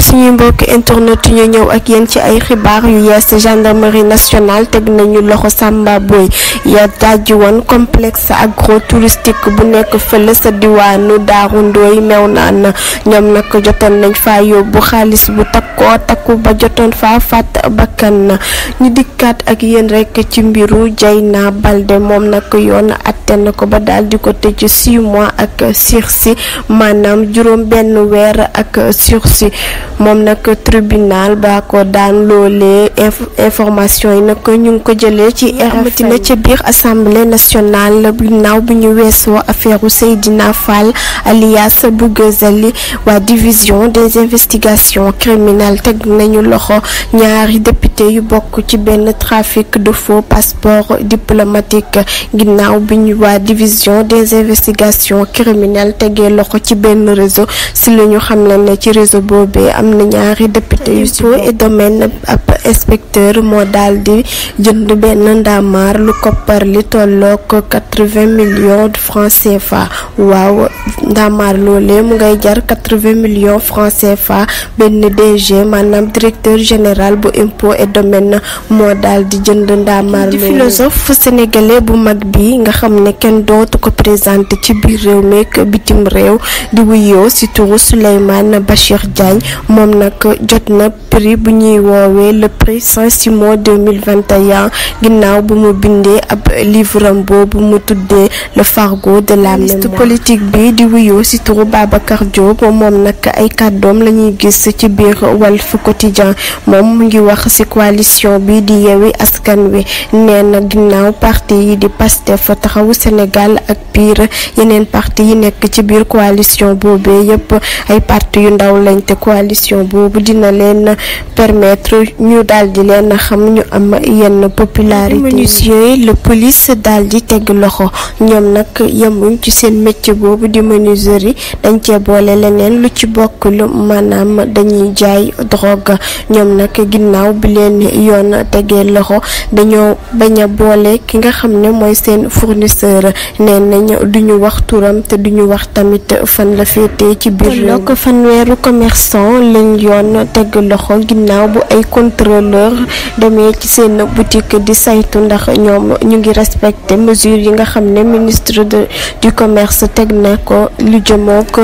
suñuy mbokk internet ñu ñëw ak yéen ci ay xibaar yu yees gendarmerie nationale teg nañu loxo Samba Boy ya dajji woon complexe agro touristique bu nekk fële sa diwaanu Daaru Ndooy meew naan ñoom nag jotoon nañ faa yóbbu xaalis bu takkoo takku ba jotoon fa fàtt bakkan ñu dikkat ak yéen rekk ci mbiru na Baldé moom nag yoon atte na ko ba daal di ko tëj 6 mois ak sursis maanaam juróom benn weer ak si mom nak tribunal ba ko dan information yi nag ñu ko jëlee ci ci biir assemblée nationale ginnaaw bi ñu affaire Seydina Fall alias Bougazali wa division des investigations criminelles teg nañu loxo ñaari député yu bok ci ben trafic de faux passeport diplomatique ginnaw bi ñu wa division des investigations criminelles tegee loxo ci ben réseau si lañu xam ne ci réseau bobé am na député yu et domaine inspecteur modal de di jënd benn ndaamaar lu par li millions de francs CFA waaw ndamar lolé mu ngay jar 80 millions francs CFA benn DG manam directeur général bu impôt et domaine modal de di jënd Ndamar du philosophe sénégalais bu mag bi nga xamné ken kenn ko présenté ci biir réew Bachir Diagne. moom nag jot na prix bu ñuy woowee le prix Saint-Simon 2021 ginnaaw bu mu bindee ab livre am boobu mu tuddee le fardeau de la mémoire. politique bi di wuyoo ci turu Babacar Diop moom nag ay kàddoom la ñuy gis ci biir Walf Quotidien moom mu ngi wax ci coalition bi di Yewwi Askan Wi nee na ginnaaw parti yi di Pastef Taxawu Sénégal ak PUR yeneen parti yi nekk ci biir coalition boobee yépp ay parti yu ndaw lañ te coalition boobu dina leen permettre ñu daal di leen xam ñu am yenn popularité yooyu la police daal di teg loxo ñoom nag yemuñ ci seen métier boobu di yi dañ cee boole leneen lu ci bokk bokkul maanaam dañuy jaay drogue ñoom nag ginnaaw bi leen yoon tegee loxo dañoo bañ boole ki nga xam ne mooy seen fournisseur nee nañ duñu wax turam te duñu wax tamit fan la féetee ci biir. fanweeru commerçant moom lañ yoon teg loxo ginnaaw bu ay contrôleur demee ci seen boutique di saytu ndax ñoom ñu ngi respecté mesure yi nga xam ne ministre de du commerce teg na ko lu jëmook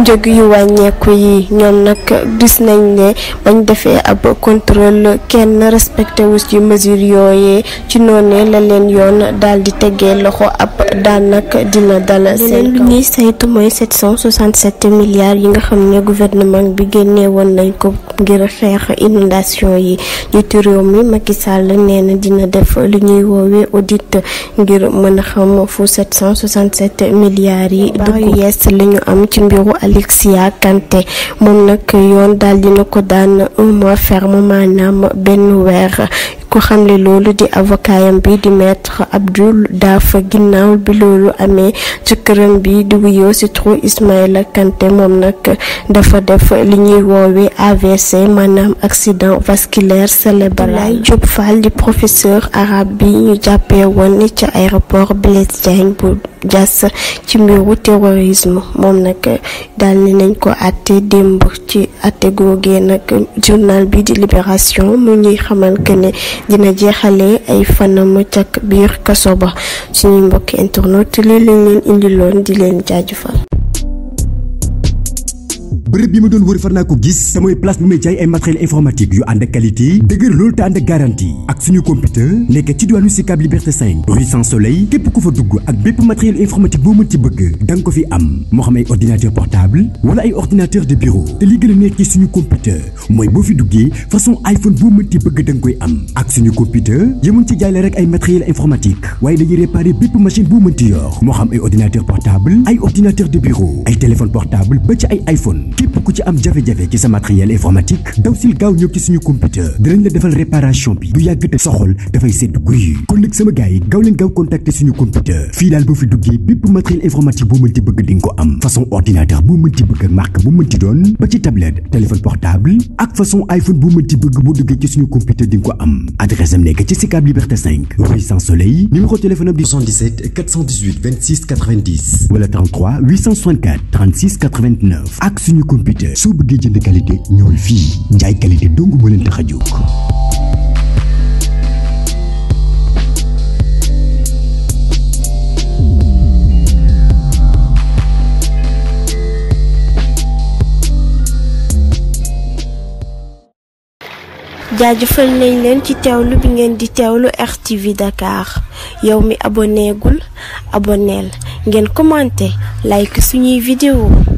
njëg yu wàññeeku yi ñoom nag gis nañ ne bañ defee ab contrôle kenn respecté wu ci mesure yooyee ci noonee la leen yoon dal di tegee loxo ab daan nag dina dala seen lu ñuy saytu mooy 767 yi nga xam ne gouvernement bi génn yónnee woon nañ ko ngir xeex inondation yi njiitu réew mi Macky Sall nee na dina def li ñuy woowee audit ngir mën a xam fu 767 milliards yi yu yees li ñu am ci mbiru Alexia Kanté moom nag yoon daal dina ko daan un mois ferme maanaam benn weer ku lolo di avokayambi di maître Abdul Daf ginnaaw bi loolu amee jëkkëram bi di wuyoo ci turu Ismaïla Kanté moom AVC Manam, accident vasculaire cérébral Abdoulaye de di professeur arabe bi ñu aéroport Blaise Dias ci mbiru terrorisme moom nag daal ni nañ ko àtte démb ci àtte googee nag journal bi di Libération mu ñuy xamal que ne dina jeexalee ay fanam ca biir kaso ba suñuy mbokk internet li lañ leen indiloon di leen jaajëfal. bërëb bi ma doon wër far naa ko gis samay place bi may jaay ay matériel informatique yu ànd ak qualité dëgër loolu te ànd ak garantie ak suñu computer nekk ci diwaanu Sicap Liberté 5 rue Sans Soleil képp ku fa dugg ak bépp matériel informatique boo mën ci bëgg da ko fi am moo xam ay ordinateur portable wala ay ordinateur de bureau te li gën a nekk ci suñu computer mooy boo fi duggee façon iPhone boo mën ci bëgg da koy am ak suñu computer yemuñ ci jaay la rek ay matériel informatique waaye dañuy réparer bépp machine boo mën ci yor moo xam ay ordinateur portable ay ordinateur de bureau ay téléphone portable ba ci ay iPhone képp ku ci am jafé jafé ci sa matériel informatique daw sil gaaw ñëw ci suñu computer dinañ la défal réparation bi du yàgg te soxol fay sét guy kon nag sama gaay, yi gaaw leen gaaw contacter suñu computer. Fi dal bu fi duggee bépp matériel informatique boo mënti bëgg di ko am façon ordinateur boo mënti bëgg ak marque boo mënti doon ba ci tablette téléphone portable ak façon iPhone boo mënti bëgg bu duggee ci suñu computer di ko am adresse am nekk ci Sicap Liberté 5 rue saint Soleil numéro téléphone am 77 418 26 90 wala 33 864 36 89 ak suñu computer so bëggee jënd qualité ñëwal fi ñay qualité dong moo leen tax a jóg jaajëfal nañ leen ci teewlu bi ngeen di teewlu RTV Dakar yow mi gul abonnel ngeen commenté like suñuy vidéo